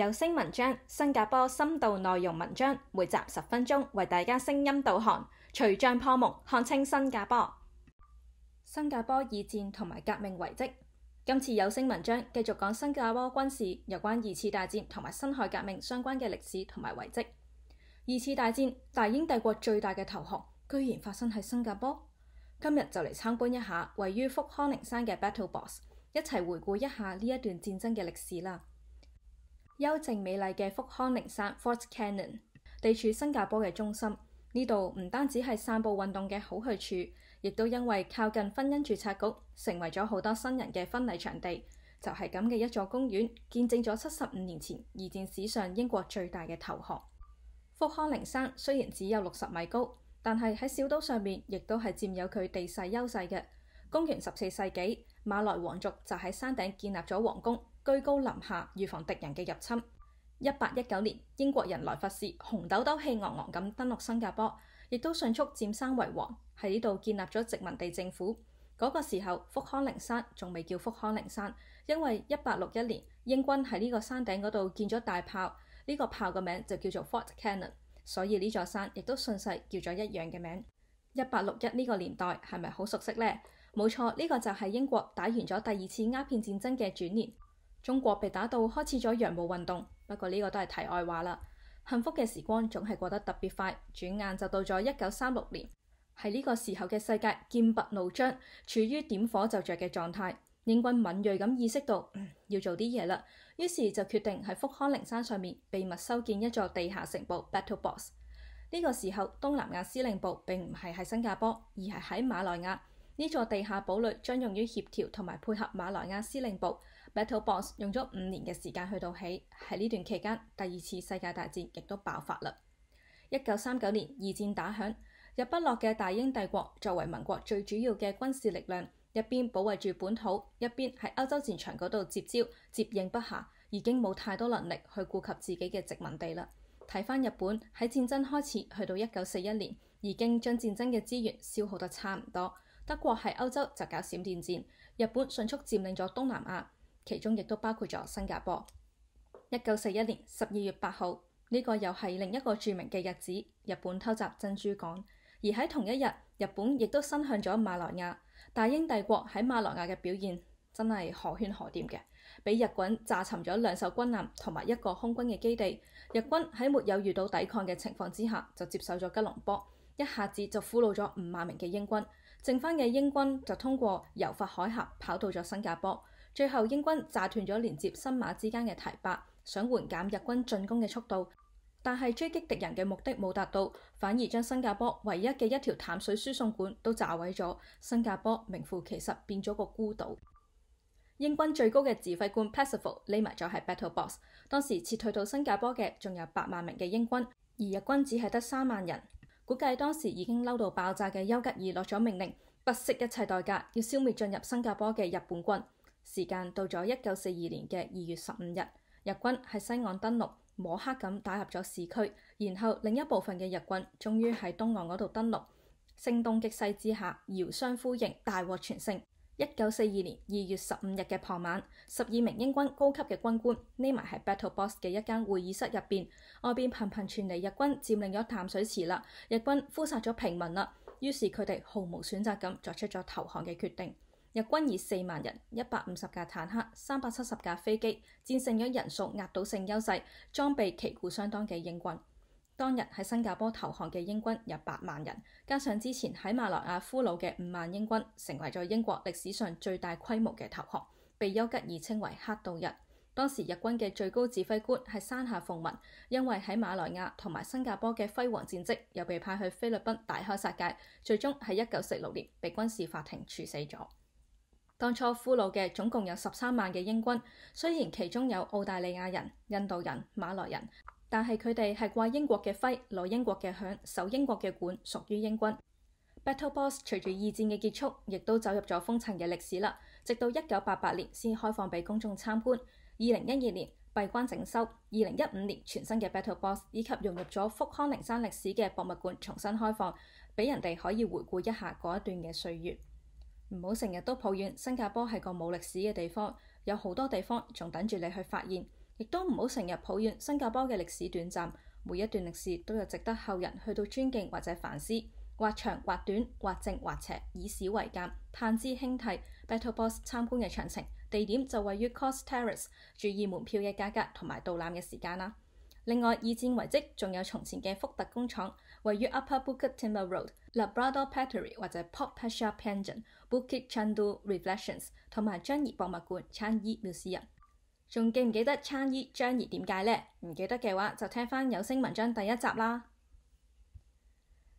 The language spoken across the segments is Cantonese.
有聲文章，新加坡深度內容文章，每集十分鐘，為大家聲音導航，除障破目，看清新加坡。新加坡二戰同埋革命遺跡。今次有聲文章繼續講新加坡軍事，有關二次大戰同埋辛亥革命相關嘅歷史同埋遺跡。二次大戰，大英帝國最大嘅投降，居然發生喺新加坡。今日就嚟參觀一下位於福康寧山嘅 Battle Box，一齊回顧一下呢一段戰爭嘅歷史啦。幽靜美麗嘅福康寧山 （Fort c a n n i n 地處新加坡嘅中心。呢度唔單止係散步運動嘅好去處，亦都因為靠近婚姻注冊局，成為咗好多新人嘅婚禮場地。就係咁嘅一座公園，見證咗七十五年前二戰史上英國最大嘅投降。福康寧山雖然只有六十米高，但係喺小島上面，亦都係佔有佢地勢優勢嘅。公元十四世紀，馬來皇族就喺山頂建立咗皇宮。居高臨下，預防敵人嘅入侵。一八一九年，英國人萊佛士紅豆豆氣昂昂咁登陸新加坡，亦都迅速占山為王喺呢度建立咗殖民地政府。嗰、那個時候，福康寧山仲未叫福康寧山，因為一八六一年英軍喺呢個山頂嗰度建咗大炮，呢、這個炮嘅名就叫做 Fort Canning，所以呢座山亦都順勢叫咗一樣嘅名。一八六一呢個年代係咪好熟悉呢？冇錯，呢、這個就係英國打完咗第二次鴉片戰爭嘅轉年。中國被打到開始咗洋務運動，不過呢個都係題外話啦。幸福嘅時光總係過得特別快，轉眼就到咗一九三六年。喺呢個時候嘅世界劍拔弩張，處於點火就着嘅狀態。英軍敏銳咁意識到、嗯、要做啲嘢啦，於是就決定喺福康寧山上面秘密修建一座地下城堡 Battle Box。呢、呢個時候，東南亞司令部並唔係喺新加坡，而係喺馬來亞。呢座地下堡壘將用於協調同埋配合馬來亞司令部。Battle Box 用咗五年嘅時間去到起，喺呢段期間，第二次世界大戰亦都爆發啦。一九三九年，二戰打響，日不落嘅大英帝國作為盟國最主要嘅軍事力量，一邊保衛住本土，一邊喺歐洲戰場嗰度接招，接應不暇，已經冇太多能力去顧及自己嘅殖民地啦。睇翻日本喺戰爭開始去到一九四一年，已經將戰爭嘅資源消耗得差唔多。德國喺歐洲就搞閃電戰，日本迅速佔領咗東南亞。其中亦都包括咗新加坡。一九四一年十二月八號，呢個又係另一個著名嘅日子。日本偷襲珍珠港，而喺同一日，日本亦都伸向咗馬來亞。大英帝國喺馬來亞嘅表現真係可圈可點嘅，俾日軍炸沉咗兩艘軍艦同埋一個空軍嘅基地。日軍喺沒有遇到抵抗嘅情況之下，就接受咗吉隆坡，一下子就俘虜咗五萬名嘅英軍。剩翻嘅英軍就通過柔佛海峽跑到咗新加坡。最後英軍炸斷咗連接新馬之間嘅堤壩，想緩減日軍進攻嘅速度，但係追擊敵人嘅目的冇達到，反而將新加坡唯一嘅一條淡水輸送管都炸毀咗。新加坡名副其實變咗個孤島。英軍最高嘅指揮官 Percival 匿埋咗喺 Battle Box，當時撤退到新加坡嘅仲有八萬名嘅英軍，而日軍只係得三萬人。估計當時已經嬲到爆炸嘅丘吉爾落咗命令，不惜一切代價要消滅進入新加坡嘅日本軍。時間到咗一九四二年嘅二月十五日，日軍喺西岸登陸，摸黑咁打入咗市區，然後另一部分嘅日軍終於喺東岸嗰度登陸。聲東擊西之下，遙相呼應，大獲全勝。一九四二年二月十五日嘅傍晚，十二名英軍高級嘅軍官匿埋喺 battle box 嘅一間會議室入邊，外邊頻頻傳嚟日軍佔領咗淡水池啦，日軍屠殺咗平民啦，於是佢哋毫無選擇咁作出咗投降嘅決定。日軍以四萬人、一百五十架坦克、三百七十架飛機，戰勝咗人數壓倒性優勢、裝備旗鼓相當嘅英軍。當日喺新加坡投降嘅英軍有八萬人，加上之前喺馬來亞俘虜嘅五萬英軍，成為咗英國歷史上最大規模嘅投降，被丘吉爾稱為黑道日。當時日軍嘅最高指揮官係山下奉文，因為喺馬來亞同埋新加坡嘅輝煌戰績，又被派去菲律賓大開殺戒，最終喺一九四六年被軍事法庭處死咗。當初俘虜嘅總共有十三萬嘅英軍，雖然其中有澳大利亞人、印度人、馬來人，但係佢哋係掛英國嘅徽、攞英國嘅響、守英國嘅管，屬於英軍。Battle Box 隨住二戰嘅結束，亦都走入咗封塵嘅歷史啦。直到一九八八年先開放俾公眾參觀，二零一二年閉關整修，二零一五年全新嘅 Battle Box 以及融入咗福康寧山歷史嘅博物館重新開放，俾人哋可以回顧一下嗰一段嘅歲月。唔好成日都抱怨新加坡係個冇歷史嘅地方，有好多地方仲等住你去發現，亦都唔好成日抱怨新加坡嘅歷史短暫，每一段歷史都有值得後人去到尊敬或者反思。或長或短，或正或邪，以史為鑒，探知興替 Battle Boss 參觀嘅詳情，地點就位於 Cost Terrace，注意門票嘅價格同埋導覽嘅時間啦。另外，二戰遺跡，仲有從前嘅福特工廠，位於 Upper Bukit Timah Road、Labrador Battery 或者 Poppy Shell Pension、Bukit Chandu Reflections，同埋樟宜博物館 （Changi Museum）。仲記唔記得樟宜樟宜點解呢？唔記得嘅話，就聽翻有聲文章第一集啦。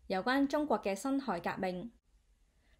有關中國嘅辛亥革命，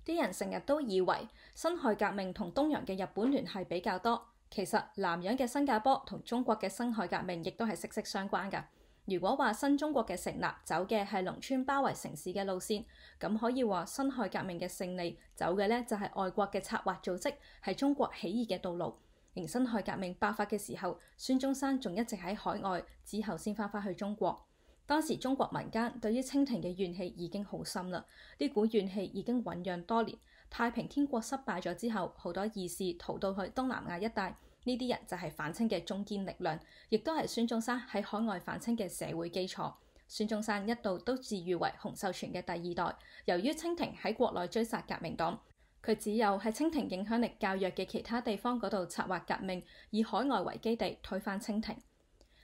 啲人成日都以為辛亥革命同東洋嘅日本聯繫比較多。其實南洋嘅新加坡同中國嘅辛亥革命亦都係息息相關㗎。如果話新中國嘅成立走嘅係農村包圍城市嘅路線，咁可以話辛亥革命嘅勝利走嘅呢就係外國嘅策劃組織係中國起義嘅道路。而辛亥革命爆發嘅時候，孫中山仲一直喺海外，之後先翻返去中國。當時中國民間對於清廷嘅怨氣已經好深啦，呢股怨氣已經醖釀多年。太平天國失敗咗之後，好多義士逃到去東南亞一帶，呢啲人就係反清嘅中堅力量，亦都係孫中山喺海外反清嘅社會基礎。孫中山一度都自喻為洪秀全嘅第二代。由於清廷喺國內追殺革命黨，佢只有喺清廷影響力較弱嘅其他地方嗰度策劃革命，以海外為基地推翻清廷。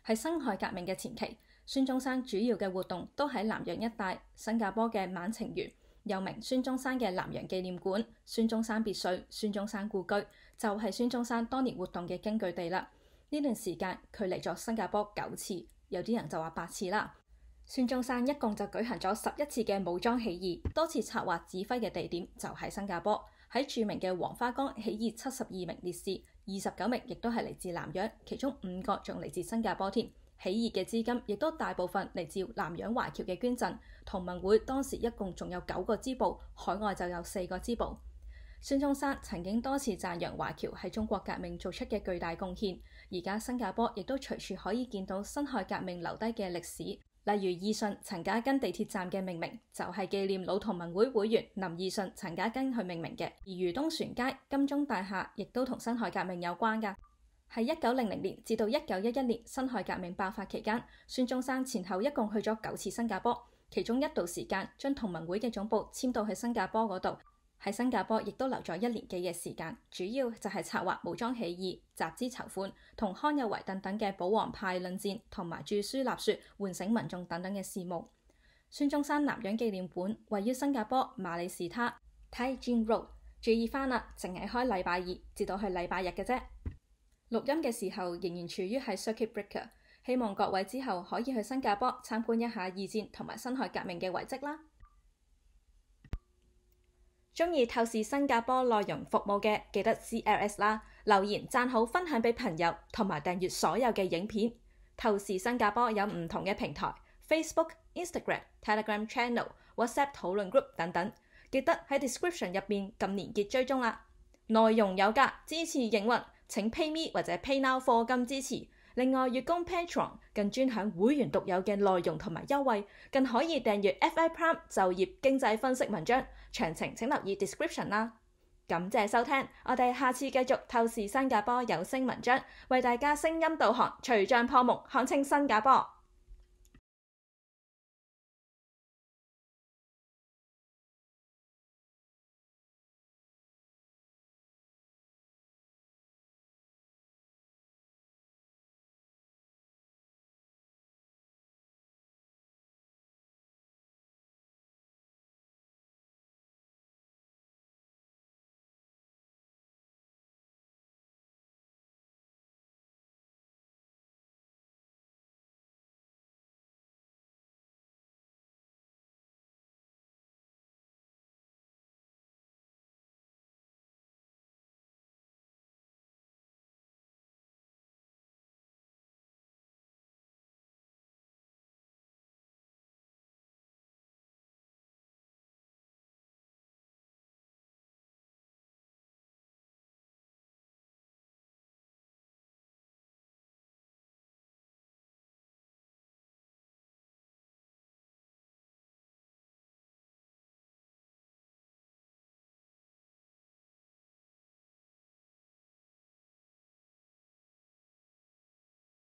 喺辛亥革命嘅前期，孫中山主要嘅活動都喺南洋一帶，新加坡嘅晚晴園，又名孫中山嘅南洋紀念館、孫中山別墅、孫中山故居，就係、是、孫中山當年活動嘅根據地啦。呢段時間佢嚟咗新加坡九次，有啲人就話八次啦。孫中山一共就舉行咗十一次嘅武裝起義，多次策劃指揮嘅地點就係新加坡，喺著名嘅黃花崗起義七十二名烈士，二十九名亦都係嚟自南洋，其中五個仲嚟自新加坡添。起義嘅資金亦都大部分嚟自南洋華僑嘅捐贈，同盟會當時一共仲有九個支部，海外就有四個支部。孫中山曾經多次讚揚華僑係中國革命做出嘅巨大貢獻。而家新加坡亦都隨處可以見到辛亥革命留低嘅歷史，例如義順、陳家根地鐵站嘅命名就係、是、紀念老同盟會會員林義順、陳家根去命名嘅，而漁東船街、金鐘大廈亦都同辛亥革命有關㗎。喺一九零零年至到一九一一年辛亥革命爆發期間，孫中山前後一共去咗九次新加坡，其中一度時間將同盟會嘅總部遷到去新加坡嗰度。喺新加坡亦都留咗一年幾嘅時間，主要就係策劃武裝起義、集資籌款、同康有為等等嘅保皇派論戰，同埋著書立說、喚醒民眾等等嘅事務。孫中山南洋紀念館位於新加坡馬里士他 Tai Gin Road，注意翻啦，淨係開禮拜二至到去禮拜日嘅啫。錄音嘅時候仍然處於係 circuit breaker，希望各位之後可以去新加坡參觀一下二戰同埋辛亥革命嘅遺跡啦。中意透視新加坡內容服務嘅，記得 CLS 啦，留言讚好分享俾朋友，同埋訂閱所有嘅影片。透視新加坡有唔同嘅平台，Facebook、Instagram、Telegram Channel、WhatsApp 討論 group 等等，記得喺 description 入邊撳連結追蹤啦。內容有價，支持營運。請 pay me 或者 pay now 課金支持，另外月供 Patreon 更專享會員獨有嘅內容同埋優惠，更可以訂閱 FI Prime 就業經濟分析文章，詳情請留意 description 啦。感謝收聽，我哋下次繼續透視新加坡有聲文章，為大家聲音導航，除障破木，看清新加坡。